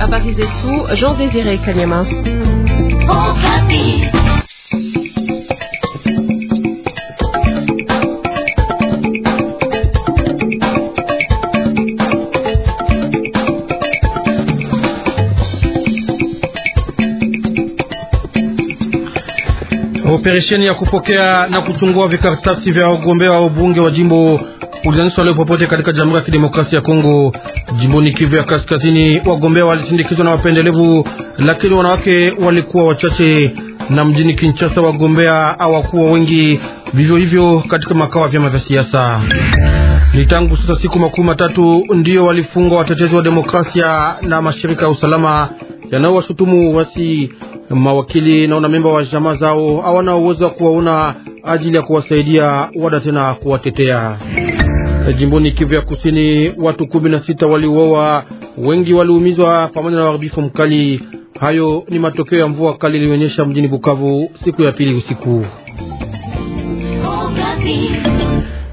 Habari zetu Jean Désiré Kanyama. Operesheni ya kupokea na kutungua vikaratasi vya wagombea wa ubunge wa jimbo ulianzishwa leo popote katika Jamhuri ya Kidemokrasia ya Kongo, jimboni Kivu ya Kaskazini. Wagombea walisindikizwa na wapendelevu, lakini wanawake walikuwa wachache. Na mjini Kinshasa wagombea hawakuwa wengi, vivyo hivyo katika makao ya vyama vya siasa. Ni tangu sasa siku makumi matatu ndiyo walifungwa watetezi wa demokrasia na mashirika ya usalama yanayowashutumu wasi mawakili na wanamemba wa jamaa zao hawana uwezo wa kuwaona ajili ya kuwasaidia wada tena kuwatetea. Eh, jimboni Kivu ya Kusini, watu kumi na sita waliuawa, wengi waliumizwa pamoja na uharibifu mkali. Hayo ni matokeo ya mvua kali iliyoonyesha mjini Bukavu siku ya pili usiku.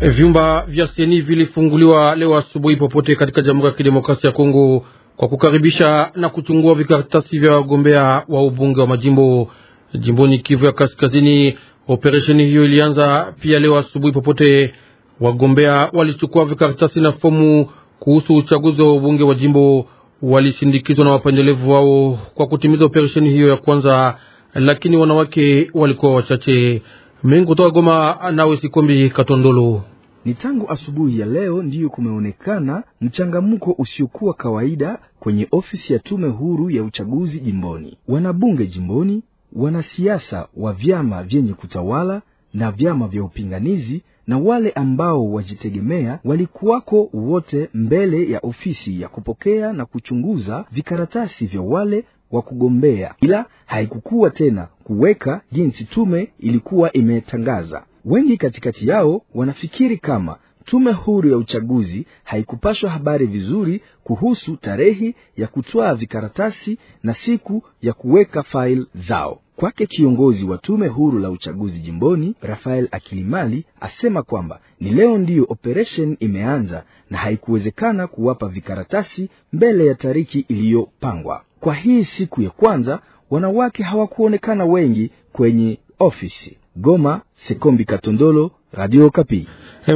Eh, vyumba vya seni vilifunguliwa leo asubuhi popote katika Jamhuri ya Kidemokrasia ya Kongo kwa kukaribisha na kuchungua vikaratasi vya wagombea wa ubunge wa majimbo jimboni Kivu ya Kaskazini. Operesheni hiyo ilianza pia leo asubuhi popote Wagombea walichukua vikaratasi na fomu kuhusu uchaguzi wa ubunge wa jimbo, walishindikizwa na wapendelevu wao kwa kutimiza operesheni hiyo ya kwanza, lakini wanawake walikuwa wachache mengi. Kutoka Goma, nawe Sikombi Katondolo. Ni tangu asubuhi ya leo ndiyo kumeonekana mchangamko usiokuwa kawaida kwenye ofisi ya tume huru ya uchaguzi jimboni. Wanabunge jimboni, wanasiasa wa vyama vyenye kutawala na vyama vya upinganizi na wale ambao wajitegemea walikuwako wote mbele ya ofisi ya kupokea na kuchunguza vikaratasi vya wale wa kugombea, ila haikukuwa tena kuweka jinsi tume ilikuwa imetangaza. Wengi katikati yao wanafikiri kama Tume huru ya uchaguzi haikupashwa habari vizuri kuhusu tarehi ya kutwaa vikaratasi na siku ya kuweka faili zao. Kwake kiongozi wa tume huru la uchaguzi jimboni Rafael Akilimali asema kwamba ni leo ndiyo operesheni imeanza na haikuwezekana kuwapa vikaratasi mbele ya tariki iliyopangwa. Kwa hii siku ya kwanza wanawake hawakuonekana wengi kwenye ofisi. Goma, Sekombi Katondolo, Radio Kapi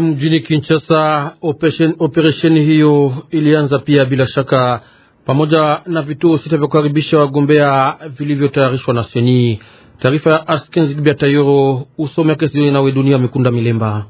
mjini Kinshasa. Operation, operation hiyo ilianza pia bila shaka pamoja na vituo sita vya kukaribisha wagombea vilivyotayarishwa na Seni. Taarifa ya Askenzigbia Tayoro usome Kesioni nawe Dunia Mikunda Milemba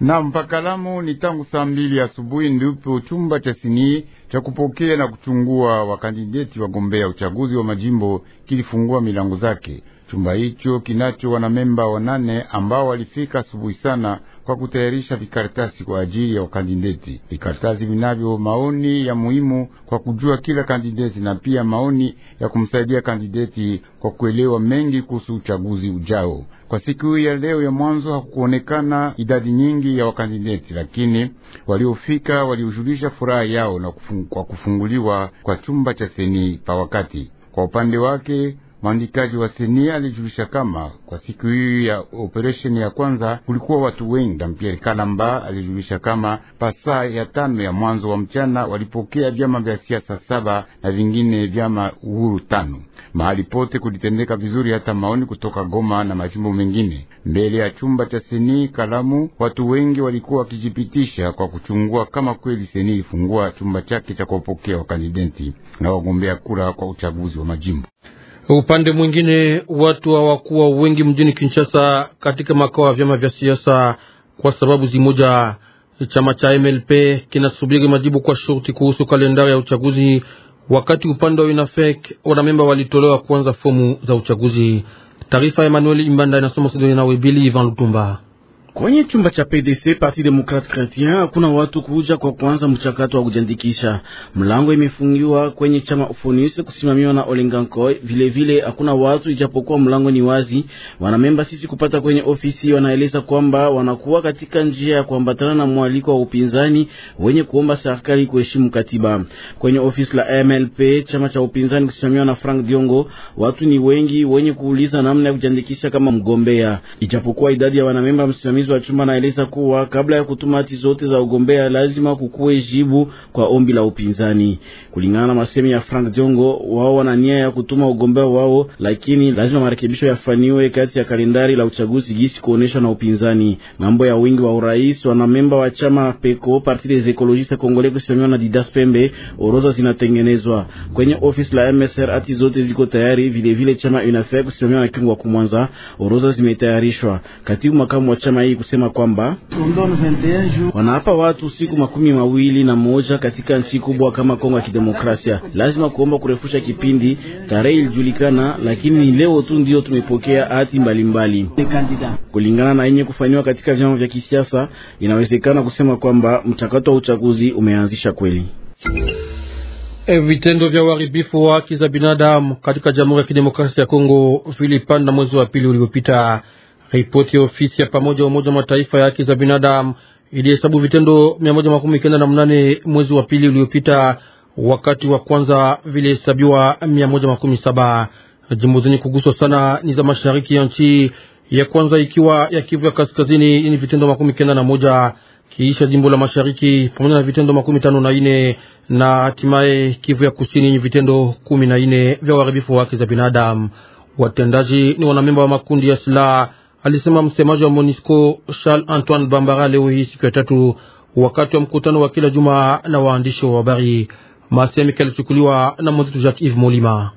na mpakalamu ni tangu saa mbili asubuhi ndipo chumba cha sini cha kupokea na kuchungua wakandideti wagombea uchaguzi wa majimbo kilifungua milango zake. Chumba hicho kinacho wanamemba wanane ambao walifika asubuhi sana kwa kutayarisha vikaratasi kwa ajili ya wakandideti. Vikaratasi vinavyo maoni ya muhimu kwa kujua kila kandideti na pia maoni ya kumsaidia kandideti kwa kuelewa mengi kuhusu uchaguzi ujao. Kwa siku hii ya leo ya mwanzo hakukuonekana idadi nyingi ya wakandideti, lakini waliofika waliujulisha furaha yao na kufung, kwa kufunguliwa kwa chumba cha seni pa wakati. Kwa upande wake Mwandikaji wa seni alijulisha kama kwa siku hiyo ya operesheni ya kwanza kulikuwa watu wengi. Mpiere Kalamba alijulisha kama pasaa ya tano ya mwanzo wa mchana walipokea vyama vya siasa saba na vingine vyama uhuru tano. Mahali pote kulitendeka vizuri, hata maoni kutoka Goma na majimbo mengine. Mbele ya chumba cha seni Kalamu, watu wengi walikuwa wakijipitisha kwa kuchungua kama kweli seni ilifungua chumba chake cha kuwapokea wakandidenti na wagombea kura kwa uchaguzi wa majimbo. Upande mwingine watu hawakuwa wengi mjini Kinshasa katika makao ya vyama vya siasa kwa sababu zimoja. Chama cha MLP kinasubiri majibu kwa shurti kuhusu kalendari ya uchaguzi, wakati upande wa UNAFEC wanamemba walitolewa kuanza fomu za uchaguzi. Taarifa ya Emmanuel Imbanda inasoma Sidoni na Webili Ivan Lutumba. Kwenye chumba cha PDC Parti democrat Chretien hakuna watu kuja kwa kuanza mchakato wa kujiandikisha. Mlango imefungiwa kwenye chama Ufonis kusimamiwa na Olingankoi. vilevile hakuna watu ijapokuwa mlango ni wazi. Wanamemba sisi kupata kwenye ofisi wanaeleza kwamba wanakuwa katika njia ya kuambatana na mwaliko wa upinzani wenye kuomba serikali kuheshimu katiba. Kwenye ofisi la MLP chama cha upinzani kusimamiwa na Frank Diongo, watu ni wengi wenye kuuliza namna ya kujiandikisha kama mgombea, ijapokuwa idadi ya wanamemba msimamizi msimamizi wa Chuma anaeleza kuwa kabla ya kutuma hati zote za ugombea lazima kukuwe jibu kwa ombi la upinzani. Kulingana na masemi ya Frank Jongo, wao wana nia ya kutuma ugombea wao, lakini lazima marekebisho yafanywe kati ya kalendari la uchaguzi gisi kuoneshwa na upinzani. Mambo ya wingi wa urais, wana memba wa chama Peko Parti des Ecologistes Congolais kusimamiwa na Didas Pembe, orodha zinatengenezwa kwenye ofisi la MSR. Hati zote ziko tayari, vilevile vile chama UNAFE kusimamiwa na wa Kumwanza, orodha zimetayarishwa. Katibu makamu wa chama hii habari kusema kwamba wanaapa watu siku makumi mawili na moja katika nchi kubwa kama Kongo ya Kidemokrasia. Lazima kuomba kurefusha kipindi, tarehe ilijulikana, lakini leo tu ndio tumepokea hati mbalimbali kulingana na yenye kufanywa katika vyama vya kisiasa. Inawezekana kusema kwamba mchakato wa uchaguzi umeanzisha kweli. E, vitendo vya uharibifu wa haki za binadamu katika Jamhuri ya Kidemokrasia ya Kongo vilipanda mwezi wa pili uliopita. Ripoti ya ofisi ya pamoja ya Umoja wa Mataifa ya haki za binadamu ilihesabu vitendo mia moja makumi kenda na mnane mwezi wa pili uliopita, wakati wa kwanza vilihesabiwa mia moja makumi saba. Jimbo zenye kuguswa sana ni za mashariki ya nchi, ya kwanza ikiwa ya Kivu ya kaskazini ni vitendo makumi kenda na moja kiisha jimbo la mashariki pamoja na vitendo makumi tano na ine na hatimaye Kivu ya kusini ni vitendo kumi na ine vya uharibifu wa haki za binadamu. Watendaji ni wanamemba wa makundi ya silaha alisema msemaji wa MONUSCO Charles Antoine Bambara leo hii siku ya tatu wakati wa mkutano wa kila juma na waandishi wa habari. Masemi yalichukuliwa na mwenzetu Jacques Yves Molima.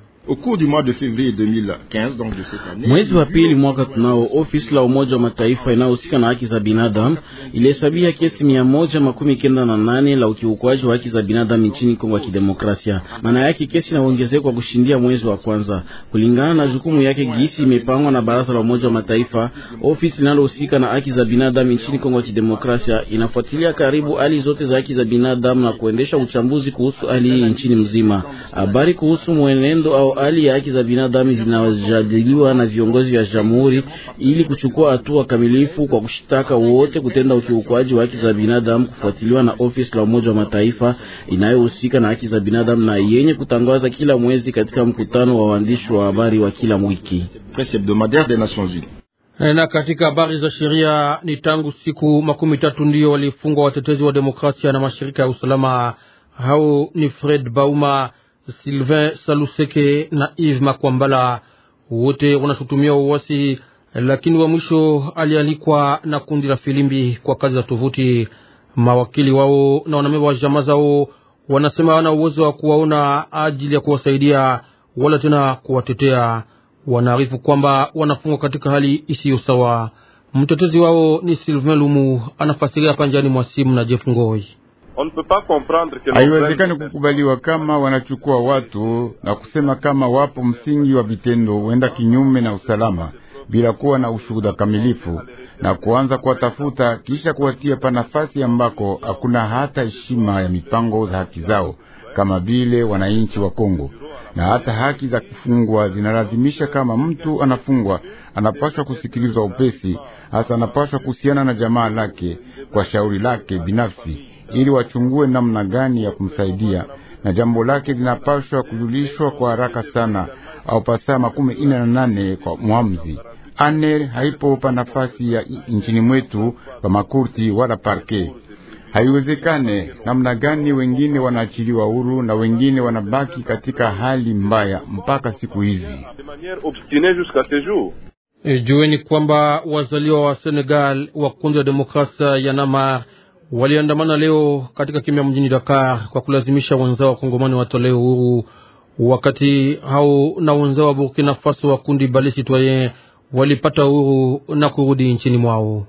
Mwezi wa pili mwaka tunao, ofisi la Umoja wa Mataifa inayohusika na haki za binadamu ilihesabia kesi mia moja makumi kenda na nane la ukiukwaji wa haki za binadamu nchini Kongo ya Kidemokrasia. Maana yake kesi inaongezeka kwa kushindia mwezi wa kwanza, kulingana na jukumu yake gisi imepangwa na Baraza la Umoja wa Mataifa. Ofisi linalohusika na haki za binadamu nchini Kongo ya Kidemokrasia inafuatilia karibu hali zote za haki za binadamu na kuendesha uchambuzi kuhusu hali hii nchini mzima. Habari kuhusu mwenendo au hali ya haki za binadamu zinajadiliwa na viongozi wa jamhuri ili kuchukua hatua kamilifu kwa kushitaka wote kutenda ukiukwaji wa haki za binadamu, kufuatiliwa na ofisi la Umoja wa Mataifa inayohusika na haki za binadamu na yenye kutangaza kila mwezi katika mkutano wa waandishi wa habari wa kila wiki. Eh, na katika habari za sheria, ni tangu siku makumi tatu ndio walifungwa watetezi wa demokrasia na mashirika ya usalama. Hao ni Fred Bauma Sylvain Saluseke na Yves Makwambala, wote wanashutumia uwasi, lakini wa mwisho alialikwa na kundi la Filimbi kwa kazi za tovuti. Mawakili wao na wanamemba wa jamaa zao wanasema hawana uwezo wa kuwaona ajili ya kuwasaidia wala tena kuwatetea. Wanaarifu kwamba wanafungwa katika hali isiyo sawa. Mtetezi wao ni Sylvain Lumu, anafasiria panjani mwa simu na Jeff Ngoi. Haiwezekani kukubaliwa kama wanachukua watu na kusema kama wapo msingi wa vitendo huenda kinyume na usalama bila kuwa na ushuhuda kamilifu na kuanza kuwatafuta kisha kuwatia pa nafasi ambako hakuna hata heshima ya mipango za haki zao kama vile wananchi wa Kongo. Na hata haki za kufungwa zinalazimisha, kama mtu anafungwa anapaswa kusikilizwa upesi, hasa anapaswa kuhusiana na jamaa lake kwa shauri lake binafsi ili wachungue namna gani ya kumsaidia, na jambo lake linapashwa kujulishwa kwa haraka sana, au pasaa makumi ine na nane kwa mwamzi ane. Haipo pa nafasi ya nchini mwetu pa makurti wala parke. Haiwezekane namna gani wengine wanaachiliwa huru na wengine wanabaki katika hali mbaya mpaka siku hizi. Jueni kwamba wazaliwa wa Senegal wa kundi la demokrasia ya Namar waliandamana leo katika kimya mjini Dakar kwa kulazimisha wenzao wakongomani watolewe uhuru. Wakati hao na wenzao wa Burkina Faso wa kundi Bale Citoyen walipata uhuru na kurudi nchini mwao.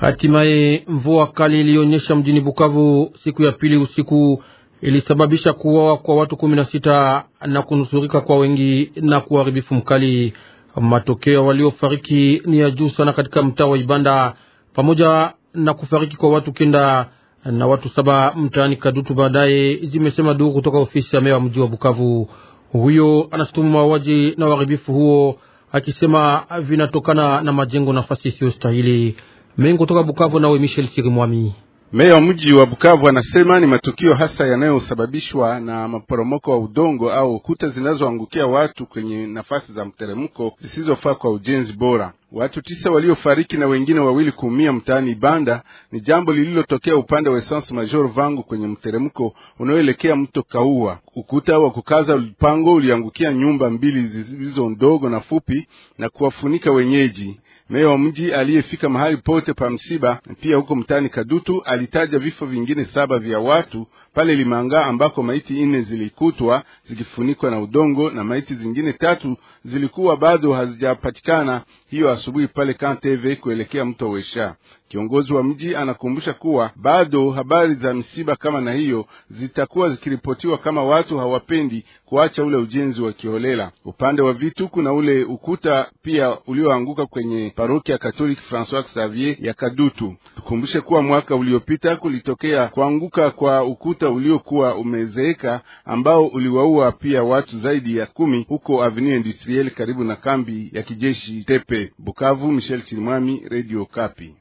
Hatimaye mvua kali ilionyesha mjini Bukavu siku ya pili usiku ilisababisha kuuawa kwa watu kumi na sita na kunusurika kwa wengi na kuharibifu mkali. Matokeo waliofariki ni ya juu sana katika mtaa wa Ibanda pamoja na kufariki kwa watu kenda na watu saba mtaani Kadutu baadaye, zimesema duru kutoka ofisi ya mewa wa mji wa Bukavu. Huyo anashutumu mauaji na uharibifu huo akisema vinatokana na majengo nafasi isiyostahili. Mengi kutoka Bukavu, nawe Michel Sirimwami. Meya wa mji wa Bukavu anasema ni matukio hasa yanayosababishwa na maporomoko wa udongo au kuta zinazoangukia watu kwenye nafasi za mteremko zisizofaa kwa ujenzi bora. Watu tisa waliofariki na wengine wawili kuumia mtaani Ibanda ni jambo lililotokea upande wa Essence Major Vangu kwenye mteremko unaoelekea mto Kaua. Ukuta wa kukaza ulipango uliangukia nyumba mbili zilizo ndogo na fupi na kuwafunika wenyeji. Meya wa mji aliyefika mahali pote pa msiba pia huko mtani Kadutu alitaja vifo vingine saba vya watu pale Limanga, ambako maiti ine zilikutwa zikifunikwa na udongo na maiti zingine tatu zilikuwa bado hazijapatikana hiyo asubuhi pale Kanteve kuelekea mto Wesha. Kiongozi wa mji anakumbusha kuwa bado habari za msiba kama na hiyo zitakuwa zikiripotiwa kama watu hawapendi kuacha ule ujenzi wa kiholela. Upande wa vitu kuna ule ukuta pia ulioanguka kwenye parokia ya Katoliki Francois Xavier ya Kadutu. Tukumbushe kuwa mwaka uliopita kulitokea kuanguka kwa ukuta uliokuwa umezeeka ambao uliwaua pia watu zaidi ya kumi huko Avenue Industrielle karibu na kambi ya kijeshi Tepe. Bukavu, Michel Chirimwami, Radio Kapi.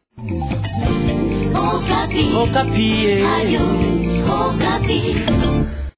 Okapi. Okapi. Eh.